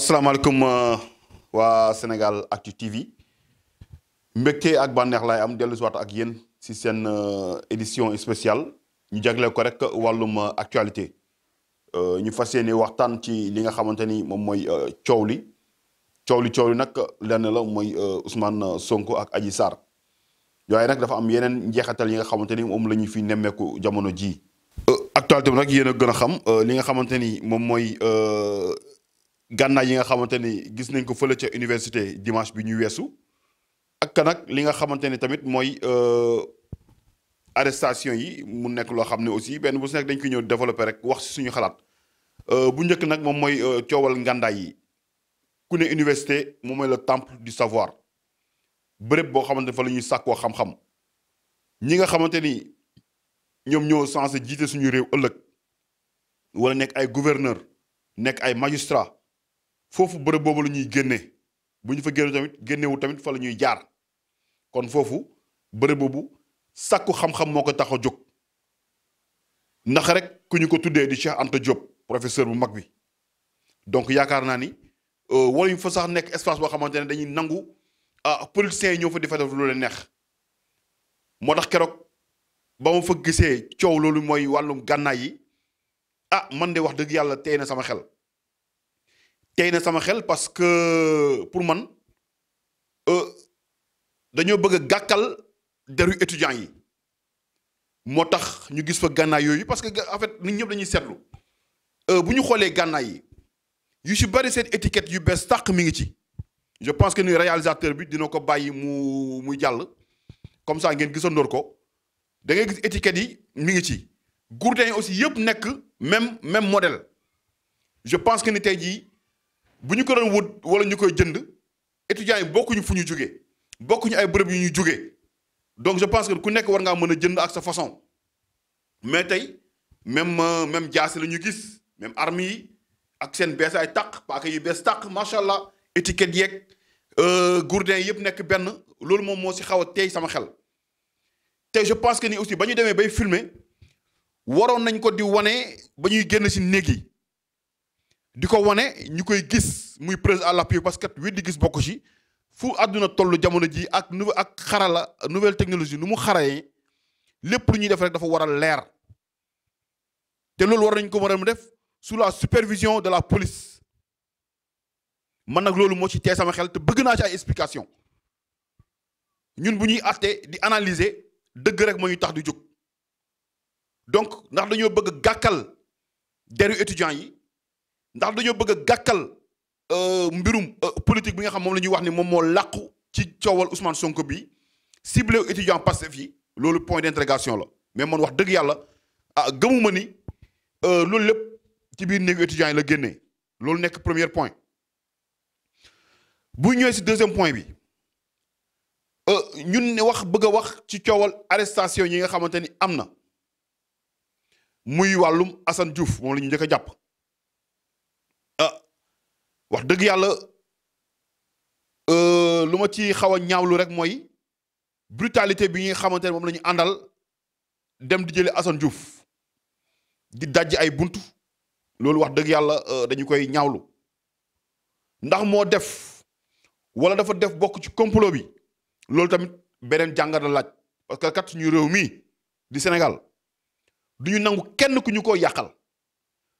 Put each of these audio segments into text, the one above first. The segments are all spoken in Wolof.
asalaamaaleykum euh, wa Sénégal Actu TV mbégte ak banex lay am delu si ak yéen ci sen euh, édition spéciale ñu jagleel ko rek walum euh, actualité Euh ñu fassiyene waxtan ci li nga xamanteni mom moy Ciowli. Ciowli Ciowli nak li la moy Ousmane Sonko ak Adji Sar. waaye nak dafa am yeneen njeexital yi nga xamanteni mom lañu fi nemmeeku jamono ji. actualité nak nag gëna xam li nga xamanteni mom moy euh gànnaay yi nga xamante ni gis nañ ko fële ca université dimanche bi ñu weesu ak nag li nga xamante ni tamit mooy euh, arrestation yi mu nekk loo xam ne aussi benn bu si nekk dañ koy ñëw développé rek wax si suñu xalaat euh, bu njëkk nag moom mooy euh, coowal ngàndaay yi ku ne université moom mooy temple du savoir béréb boo xamante fa la ñuy sàkkoo xam ñi nga xamante ni ñoom ñoo censé jiite suñu réew ëllëg wala nekk ay gouverneur nekk ay magistrat fofu bërëb bobu la ñuy génnee bu fa génne tamit wu tamit fa la ñuy jaar kon fofu bërëb bobu sakku xam-xam moko ko tax a ndax rek kuñu ko tuddé di Cheikh Anta Diop professeur bu mag bi donc yaakaar naa ni euh ñu fa sax nek espace bo xamantene dañuy nangu ah politiciens ñoo fa di fa def lu leen neex motax kérok ba mu fa gisee ciow lolu moy walum ganna yi ah man de wax deug yalla téena sama xel tey na sama xel parce que pour man euh dañoo bëgg a gàkkal deru étudiants yi moo tax ñu gis fa gànnaay yooyu parce que en fait nit ñëpp dañuy seetlu euh, bu ñu xoolee gànnaay yi yu ci bari seen étiquette yu bees tàq mi ngi ci je pense que ni réalisateur bi dina ko bàyyi mu mu jàll comme ça ngeen gisandoor ko da ngay gis étiquette yi mi ngi ci gourdin aussi yëpp nekk même même modèle je pense que ni tey jii bu ñu ko doon wut wala ñu koy jënd étudiants yi bokkuñu fu ñu jugee bokkuñu ay bërëb yu ñu jugee donc je pense que ku nekk war ngaa mën a jënd ak sa façon mais tey même euh, même jaasi la ñu gis même armes yi ak seen bees ay tàq paaka yu bees tàq macha allah étiquette yeeg euh, gourdin yëpp nekk benn loolu moom moo si xaw a teey sama xel te je pense que ni aussi ba ñu demee bay filmer waroon nañ ko di wane ba ñuy génn si néeg yi du ko gis muy à parce que gis ci fu aduna tollu jamono ji ak ak nouvelle technologie lu ñuy def rek dafa a leer war nañ ko sous la supervision de la police man nak loolu mo ci té sama xel te bëgg explication ñun bu ñuy di analyser rek tax donc ndax dañu bëgg étudiants ndax dañu bëgg gakkal euh mbirum euh, politique bi nga xam mom lañuy wax ni mom mo làqu ci ciowal Ousmane Sonko bi ciblé étudiant Pastef yi lolu point d'interrogation la mais mon wax deug yalla ah gëmuma ni euh, lolu lepp ci biir néegu étudiants la génnee lolu nek premier point bu ñëw ci deuxième point bi euh ñun ne wax bëgg wax ci ciowal arrestation yi nga xamanteni amna muy walum Assane Diouf mom lañu ñu japp wax dëgg yàlla euh, lu ma ci xawa ñaawlu rek mooy brutalité bi ñuy xamante ne moom la ñu àndal dem di jëli Assane Diouf di dajj ay bunt loolu wax dëgg yàlla euh, dañu koy ñaawlu ndax moo def wala dafa def bokk ci complot bi loolu tamit beneen jàngat la laaj parce que kat suñu réew mii di Sénégal duñu nangu kenn ku ñu ko yàqal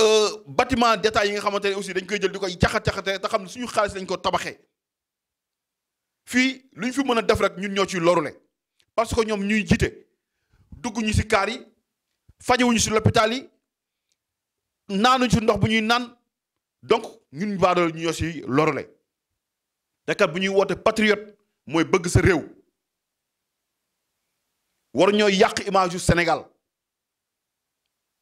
Euh, bâtiment d'état yi nga aussi dañ koy jël di jaxat jaxate ta xam suñu xaliss lañ ko tabaxé fi luñ fi mëna def rek ñun ñoo ci parce que ñom ñuy jité dugg ñu ci kaar yi wuñu si l'hôpital yi nanu ci ndox bu ñuy donc ñun baadool ñu ñoo si lorule te bu ñuy patriote moy bëgg sa réew war ñoo yaq image du Sénégal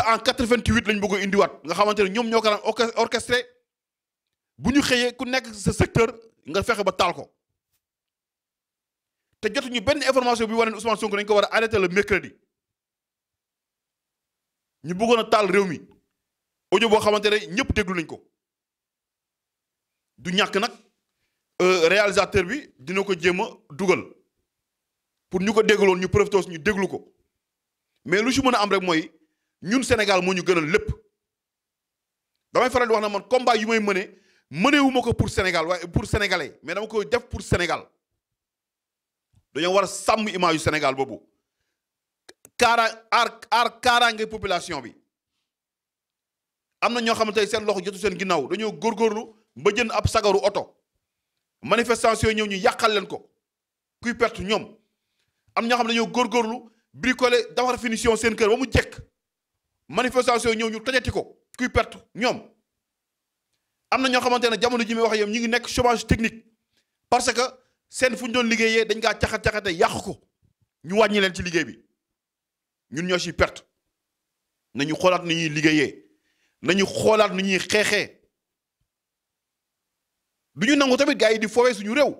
en 88 lañ bëgg indi wat nga xamante ñom ñoko ñoo ko daan orchestré ku nekk ce secteur nga fexé ba tal ko té jottu ñu benn information bi wane Ousmane Sonko dañ ko wara arrêter le mercredi ñu bëggona tal taal réew mi audio boo xamante ne ñëpp déglu nañ ko du ñàkk nag euh, réalisateur bi dina ko jéem duggal pour ñuko ko dégluwoon ñu profité ñu déglu ko mais lu ci mëna am rek moy ñun Sénégal moo ñu gënal lépp damay faral di wax na man combat yu may Nous avons wu ko pour Sénégal waaye pour sénégalais mais dama koy def pour Sénégal dañoo war a sàmm image Sénégal boobu kaara ar aar kaaraange population bi am na ñoo xamante seen loxo jotu seen ginnaaw dañoo góorgóorlu ba jënd ab sagaru oto manifestation ñëw ñu yàqal leen ko kuy perte ñoom am ñoo xam dañoo góorgóorlu bricoler dafar finition seen kër ba mu jekk manifestation ñëw ñu tojati ko kuy perte ñom amna ño xamantene jamono ji mi wax yam ñu ngi nek chômage technique parce que sen fuñ doon liggéeyee dañ kaa caxat-caxate yàq ko ñu wañi len ci liggéey bi ñun ño ci perte nañu xolaat ni ñuy liggéeyee nañu xolaat ni ñuy xeexee du nangu tamit gaay di foowee suñu rew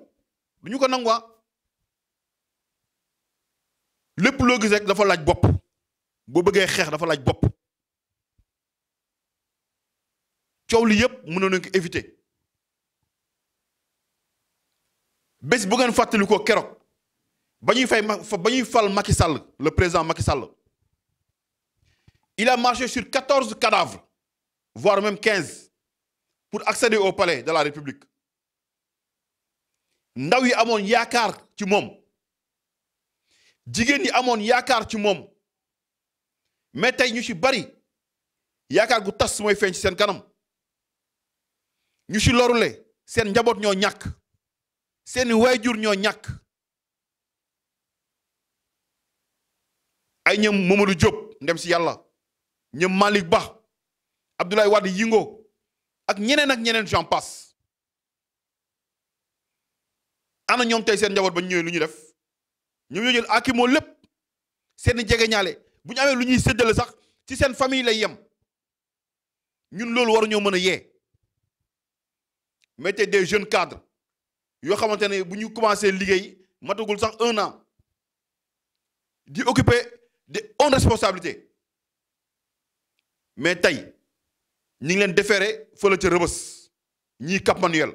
duñu ñu ko nanguwaa ah. lepp lo gis rek dafa laaj bop bo bëggee xex dafa laaj bop coow li yëpp mënoon nañ ko éviter bés bu ngeen fàttali ko keroog ba ñuy fay ba ñuy fal Macky Sall le président Macky Sall il a marché sur 14 cadavres voire même 15 pour accéder au palais de la République ndaw yi amoon yaakaar ci moom jigéen yi amoon yaakaar ci moom mais tey ñu ci bari yaakaar gu tas mooy feeñ ci seen kanam. ñu ci lorule seen njaboot ñoo ñàkk seen waajur ñoo ñàkk ay ñëm Mamadou Diop ndem ci yàlla ñëm Malick Ba Abdoulaye Wade Yingo ak ñeneen ak ñeneen j'en passe ana ñoom tey seen njaboot ba ñu lu ñuy def ñoom ñoo jël akimoo lépp seen jege ñaale bu ñu lu ñuy séddale sax ci seen famille lay yem ñun loolu waruñoo mën a yee mettez des jeunes cadres Vous savez, à nous ñu commencé matagul sax un an di occuper de, hautes responsabilités mais ni ngi déféré vous Cap Manuel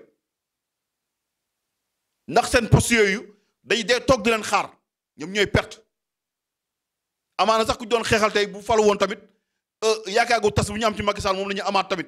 que vous poste des di xaar perte Amana sax ku doon xéxal tay bu falu won tamit euh, tas bu am ci Macky Sall la tamit.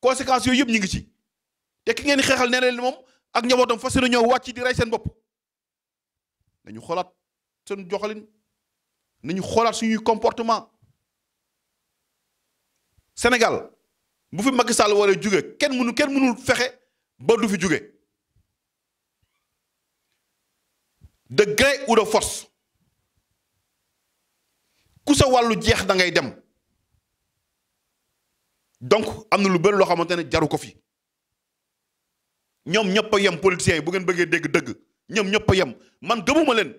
conséquences yooyu yëpp ñu ngi ci te ki ngeen xeexal nee leen moom ak njabootam fas yéene ñoo wàcc di rey seen bopp nañu xoolaat seen joxalin nañu xoolaat suñuy comportement Sénégal bu fi Macky Sall jóge kenn mënu kenn mënul fexe ba du fi jóge de gré ou de force ku sa wàllu jeex da ngay dem donc amna lu bëri lo xamantene jaru ko fi Ñom ñepp yam politiciens bu ngeen bëggee dégg dëgg Ñom ñepp yam man gëmuma leen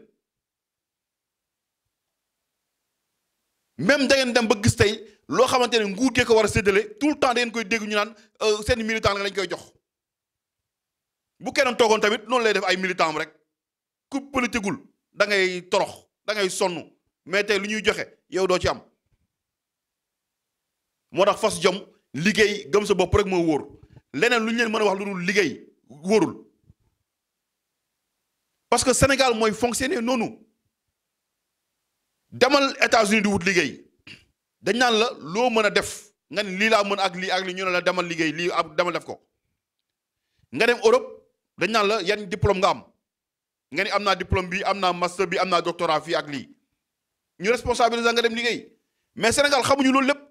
même da ngeen dem ba gis tay lo xamantene nguur gee ko war a séddale tout le temps da ngeen koy dégg ñu naan euh, seen militant lañ koy jox bu keneen togon tamit noonu lay def ay militant rek ku politikul da ngay torox da ngay sonn mais tey lu ñuy joxe yow doo ci am moo tax fas jom liggéey gëm sa bopp rek moo wóor leneen lu ñu leen mën a wax lu dul liggéey wóorul parce que Sénégal mooy fonctionner noonu demal États-Unis di wut liggéey dañ naan la loo mën a def nga ne lii laa mën ak lii ak lii ñu ne la demal liggéey lii ak demal def ko nga dem Europe dañ naan la yan diplôme nga am nga ni am naa diplôme bi am naa master bi am naa doctorat fii ak lii ñu responsabiliser nga dem liggéey mais Sénégal xamuñu loolu lépp.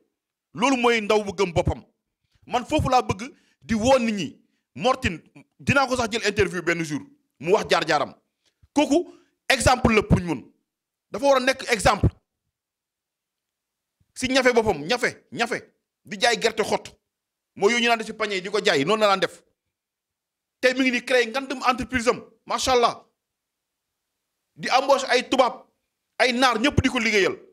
loolu mooy ndaw bu gëm boppam man foofu laa bëgg di woo nit ñi mortin dinaa ko sax jël interview benn jour mu wax jaar-jaaram kooku exemple la pour ñun dafa war a nekk exemple si ñafe boppam ñafe ñafe di jaay gerte xott moo yooyu ñu naan def si pañe yi di ko jaay noonu la daan def tey mi ngi ni créé ngandum entreprise am macha allah di embauche ay tubaab ay naar ñëpp di ko liggéeyal.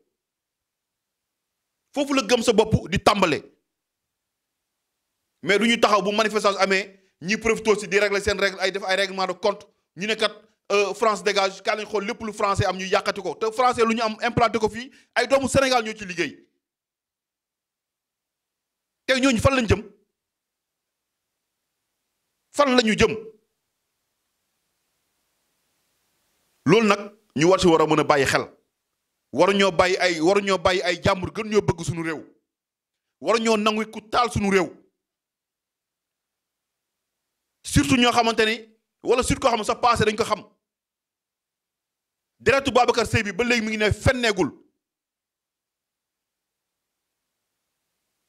fofu la gëm sa bop di tambalé mais duñu taxaw bu manifestation amé ñi profité ci di régler sen règle ay def ay règlement de compte ñu né kat euh, France dégage kaa lañ xool lépp lu français am ñu yakati ko te français luñu am implanté ko fi ay doomu Sénégal ñoo ci liggéey te ñooñu fan lañ jëm fan lañu jëm lool nak ñu war si war a mën xel. ñoo bàyyi ay waruñoo bàyyi ay jàmbur gën ñoo bëgg suñu réew waruñoo nangu ku taal suñu réew surtout ñoo xamante ni wala surtout koo xam ne sa passé dañ ko xam deretu Babacar Seye bi ba léegi mi ngi ne fenneegul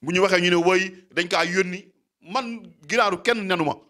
bu ñu waxee ñu ne woy dañ kaa yónni man ginaaru kenn nenu ma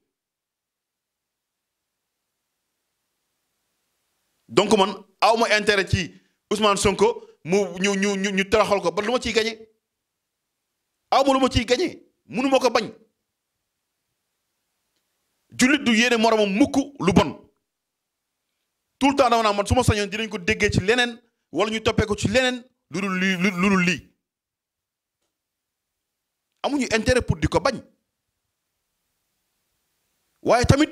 donc man aw intérêt ci Ousmane Sonko mu ñu ñu ñu ñu taraxal ko ba lu ma ciy gañe aw ma lu ma ciy gañe munu ma ko bañ jullit du yéene moromam mukk lu bon tout le temps dama naa man suma ma sañoon dinañ ko déggé ci leneen wala ñu topé ko ci leneen lu dul lii lu dul amuñu intérêt pour diko ko bañ waaye tamit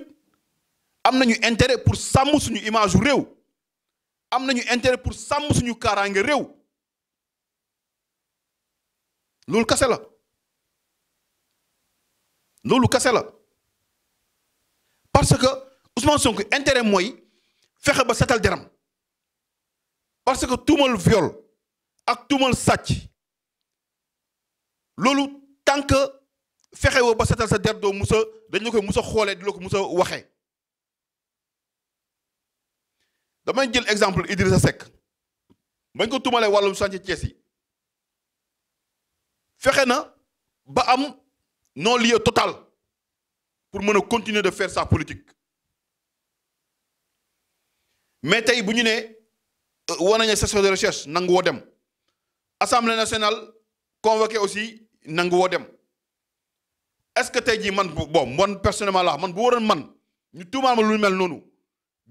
am nañu intérêt pour sàmm suñu image u réew am nañu intérêt pour sàmm suñu karangé rew loolu kase la loolu kase la parce que Ousmane Sonko intérêt moy fexé ba satal deram parce que tuumal viol ak tuumal satch loolu tant que fexé wo ba satal sa der doo musa dañ la koy musa xolé di la ko musa waxé damay jël exemple Idrissa Seck bañ ko tumalee walum chantier Thiès yi fexe na ba am non lieu total pour mën continuer de faire sa politique mais tay buñu né nee euh, war nañu session de recherche nangu woo dem assemblée nationale convoqué aussi nang wo dem est-ce que tay ji man bon bon personnellement la man bu woron man ñu tuumaal ma lu mel nonou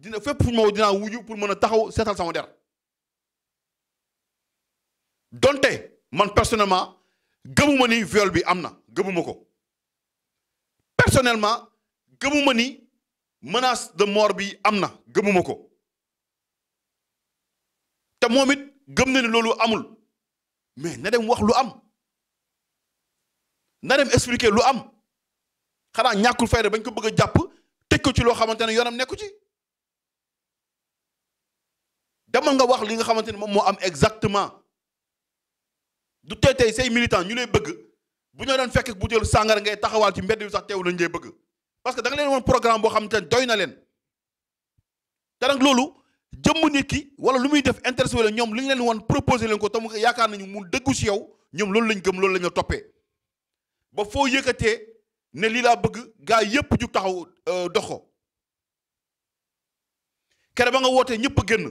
dina fépp pour ñu ma woo dinaa wuju pour meuna taxaw setal sama der donté man personnellement gëmuma ni viol bi amna na gëmuma ko personnellement gëmuma ni menace de mort bi amna na gëmuma ko te momit geum na ni loolu amul mais na dem wax lu am na dem expliquer lu am xana ñàkkul fayda bañ ko bëgg japp jàpp ko ci lo xamantene yonam yoonam nekku ci dama nga wax li nga xamante ne moom am exactement du tey tey say militant ñu lay bëgg bu ñu doon fekk bu jël sangar ngay taxawal ci mbedd bi sax teew lañu lay bëgg parce que da nga leen won programme bo xamante ne doy na leen te nag lolu jëm nit ki wala lu muy def intéressé la ñom li ñu leen won proposer leen ko te mu yaakaar nañu mu dëggu ci yow ñom lolu lañ gëm lolu lañu topé ba fo yëkëté ne li la bëgg gaay yépp ju taxaw euh, doxo ko ba nga woté ñëpp génn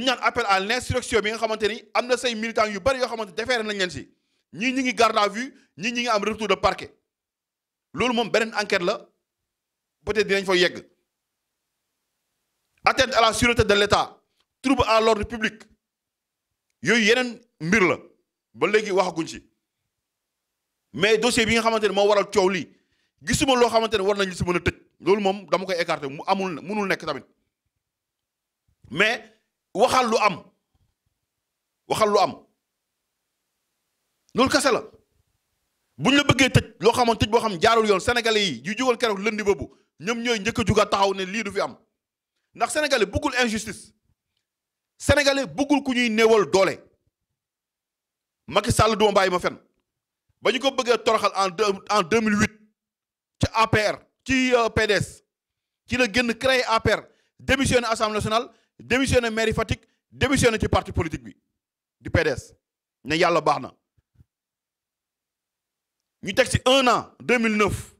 lu appelle appel à l'insurrection bi nga xamante ni say militants yu bari yoo xamante defeere nañ Ni ni ñii ñi garde à vue ni ñi ngi am retour de parquet loolu moom beneen enquête la peut-être dinañ fa yegg atteinte à la sûreté de l'État trouble à l'ordre public yooyu yeneen mbir la ba léegi waxaguñ mais dossier bi nga xamante ne moo waral coow lii gisuma loo xamante ne war nañ li si mën a loolu moom dama koy écarter mu amul mënul nek tamit mais waxal lu am waxal lu am loolu kese la buñ la bëggee tëj loo xamoon tëj boo xam jaarul yoon sénégalais yi yu jugal keroog lëndi boobu ñoom ñooy njëkk a taxaw ne lii du fi am ndax sénégalais bëggul injustice sénégalais bëggul ku ñuy néewal doole Macky Sall du ma bàyyi ma fen ba ñu ko bëggee toroxal en deux en 2008 ci APR ci euh, PDS ci la génn créé APR démissionné assemblée nationale. démissionné mairie Fatik, démissionné ci parti politique bi Du PDS ne Yalla Barna. Nous ñu teg ci un an 2009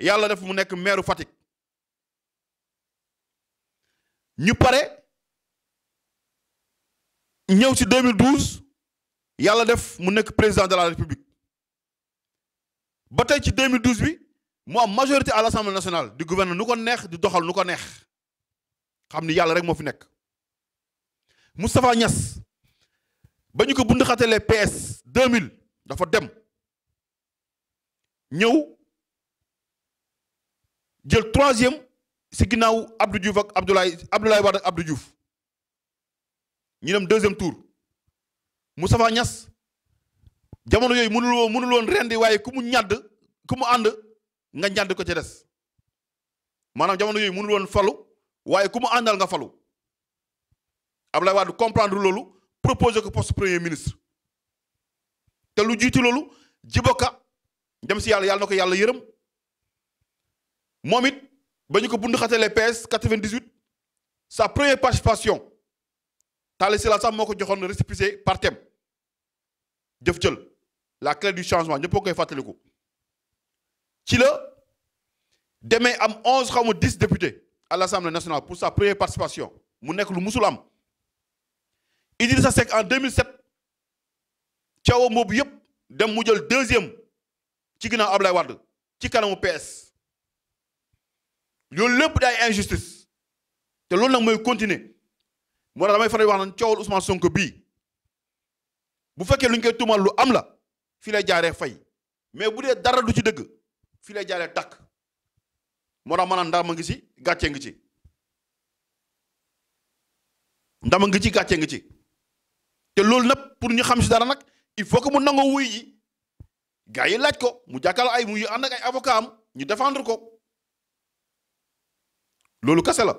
Yalla def mu nek maire Fatik. ñu y ñew ci 2012 Yalla def mu nek président de la république ba tay ci 2012 bi moi majorité à l'Assemblée nationale du gouvernement nous connaissons, neex di xamni yalla rek mo fi ça. Moustapha Niass bañu ko bund PS 2000 dafa dem ñew jël troisième ci ginnaaw Abdou Diouf Abdoulaye Abdoulaye Abdou Diouf ñu deuxième tour Moustapha Niass jamono yoy mënul woon mënul woon nga ko ci waaye ku mu àndal nga falu Abdoulaye Wade comprendre loolu proposer ko poste premier ministre te lu jiitu loolu Djibo dem si yàlla yàlla na ko yàlla yërëm moom it ba ñu ko bund les PS 98 sa première participation Talla Sylla sax moo ko joxoon récépissé par thème jëf la clé du changement ñëpp koy fàttaliku ci la demee am 11 xaw 10 députés à l'Assemblée nationale pour sa première participation Mon nek lu musul am Idrissa Seck en 2007 cawo moobu yëpp dem mu jël deuxième ci ginnaaw Ablaye Wade ci kanamu PS loolu lepp day injustice Té lool nak moy continuer Mo da may faral wax nan coowal Ousmane Sonko bi. bu féké lu ñu koy tuumal lu am la filé lay fay mais bu dee dara du ci deug filé lay tak. moo tax ma naan ndam a ngi ci gàcce ngi ci ndam a ngi ci gàcce ngi ci te loolu napp pour ñu xam ci dara nag il faut que mu nangoo wuy ji gars yi laaj ko mu jàkkaarloo ay mu yu ànd ak ay ñu défendre ko loolu kase la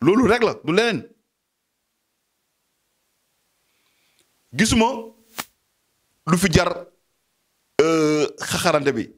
loolu rek la du leneen gisuma lu fi jar euh, xaxarante bi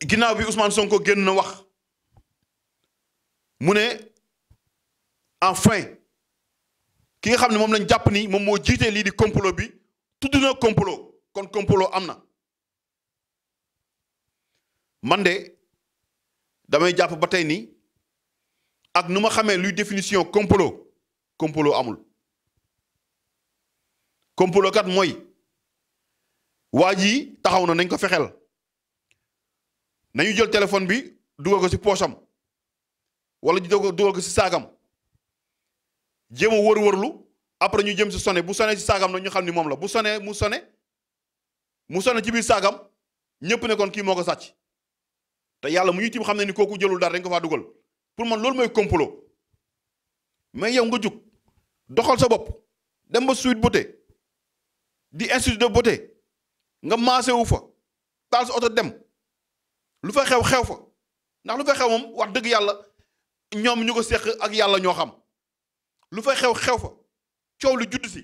ginaaw bi Ousmane Sonko genn na wax mune enfin ki nga xam ne moom lañ jàpp ni mom mo jité li di complot bi tudd complot kon complot am na man de damay japp batay ni ak numa xamé luy définition complot complot amul complot kat moy Waji ji taxaw na nañ ko fexel nañu jël téléphone bi dugal ko ci poosam wala dugal ko ci saagam jéem a wër-wërlu après ñu jëm ci sone bu sone si saagam nag ñu xam ni moom la bu sone mu sone mu sone ci biir saagam ñëpp ne kon kii moo ko sàcc te yàlla mu ñu tim xam ne ni kooku jëlul dara dañ ko faa dugal pour man loolu mooy complot mais yow nga jug doxal sa bopp dem ba suite beauté di institut de nga maase wu fa taal sa oto dem. lu fa xew xew fa ndax lu fa xew moom wax deug yalla ñom ñu sekk ak yalla ñoo xam lu fa xew xew fa ciow lu judd si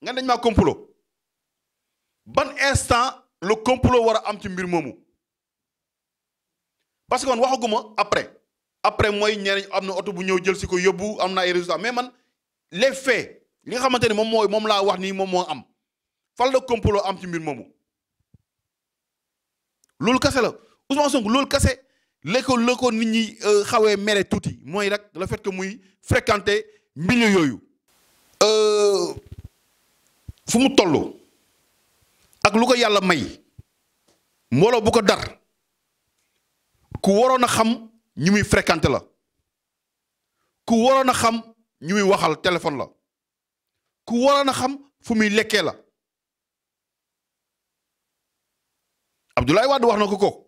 nga dañ ma complot ban instant le complot wara am ci mbir momu parce que man waxaguma après après moy ñeneen amna auto bu ñew jël si ko yóbbu am ay résultats mais man les faits li nga xamante ni moom mooy moom wax ni mom mo am fal la complot am ci mbir momu lool kese la. Ousmane Sonko loolu kese la l'école, la ko nit ñi euh, xawee Moi, tuuti mooy rek le fait que muy fréquenter milieu yooyu. Euh. mu toll ak lu ko yàlla may mbooloo bu ko dar ku waroon xam ñu muy fréquenter la ku na a xam ñu muy waxal téléphone la ku na a xam fu la Abdoulaye Wade wax na ko ko.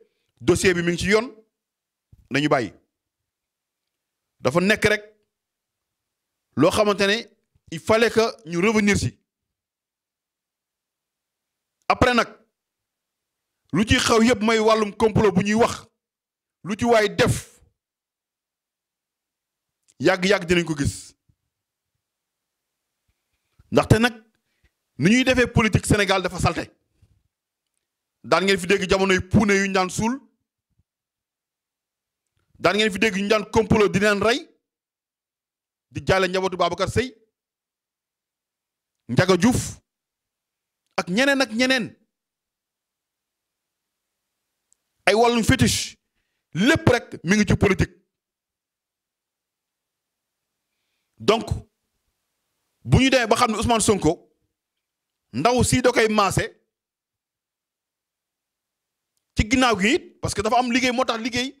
dossier bi mi ngi ci yoon nañu bàyyi dafa nekk rek loo xamante ne il fallait que ñu revenir si après nag lu ci xaw yëpp may wàllum complot bu ñuy wax lu ci waay def yàgg-yàgg dinañ ko gis ndaxte nag ni ñuy defee politique Sénégal dafa salte daan ngeen fi dégg jamono jamonoy puune yu ñaan daan suul daan ngeen fi dégg ñu daan complot di leen rey di jàlle njabootu Babacar Seye Ndiaga Diouf ak ñeneen ak ñeneen ay wàllum fétiche lépp rek mi ngi ci politique donc bu ñu demee ba xam ne Ousmane Sonko ndaw si da koy maase ci ginnaaw gi it parce que dafa am liggéey moo tax liggéey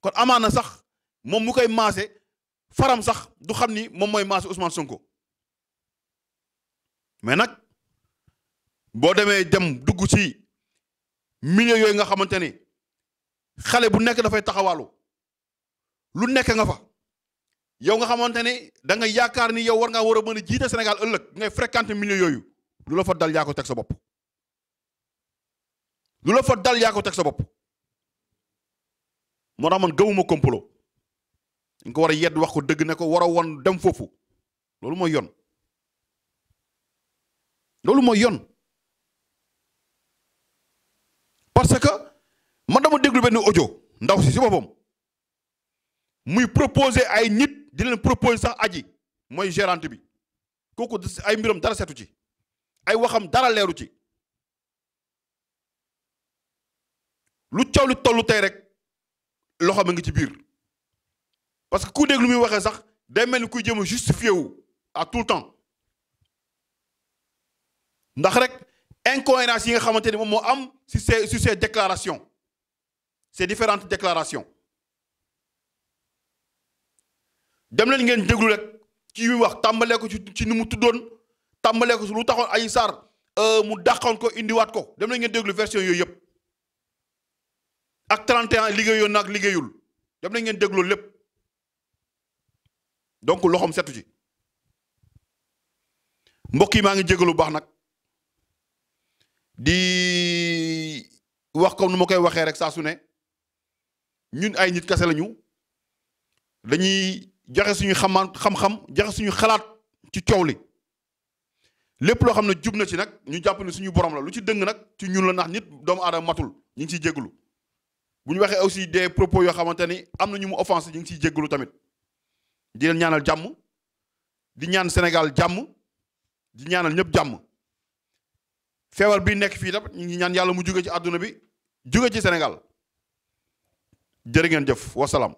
kon amaana sax moom mu koy maase faram sax du xam ni moom mooy maase Ousmane Sonko mais nag boo demee dem dugg ci milieu yooyu nga xamante ni xale bu nekk dafay taxawaalu lu nekk nga fa yow nga xamante ni da yaakaar ni yow war ngaa war a mën a jiite Sénégal ëllëg ngay fréquenter milieu yooyu lu la fa dal yaa ko teg sa bopp lu la fa dal yaa ko teg sa bopp. moo tax man gamuma complot dañ ko war a yedd wax ko dëgg ne ko war a woon dem foofu loolu mooy yoon loolu mooy yon parce que man dama déglu benn ojo ndaw si si boppam muy proposer ay nit dina leen proposer sax aji mooy gérante bi kooku ay mbiram dara setu ci ay waxam dara leeru ci lu coow li tollu tey rek loxo ma ngi ci biir parce que ku dégg lu muy waxee sax day mel ni kuy jëm a justifié wu à tout le temps ndax rek incohérence yi nga xamante ni moom moo am si ces sur ces déclarations ces différentes déclarations dem leen ngeen déglu rek ci muy wax tàmbalee ko ci ci ni mu tuddoon tàmbalee ko lu taxoon Adji Sarr euh, mu dàqoon ko indiwaat ko dem leen ngeen déglu version yooyu yëpp ak 31 liggéeyoon na ak liggéeyul dam nañ ngeen dégloo lépp donc loxoom setu ci mbokk yi maa ngi jégalu baax nag di wax comme nu ma koy waxee rek saa su ne ñun ay nit kase lañu dañuy jaxe suñu xamaan xam-xam joxe suñu xalaat ci coow li lépp loo xam ne jub na ci nag ñu jàpp ne suñu borom la lu ci dëng nag ci ñun la ndax nit doomu aadama matul ñu ngi ciy jégalu. bu ñu waxee aussi des propos yoo xamante ni am na ñu mu offensé ñu ngi ciy jéggalu tamit di leen ñaanal jàmm di ñaan Sénégal jàmm di ñaanal ñëpp jàmm feewar bi nekk fii tamit ñu ngi ñaan yàlla mu jóge ci àdduna bi jóge ci Sénégal jërë ngeen jëf wasalaam.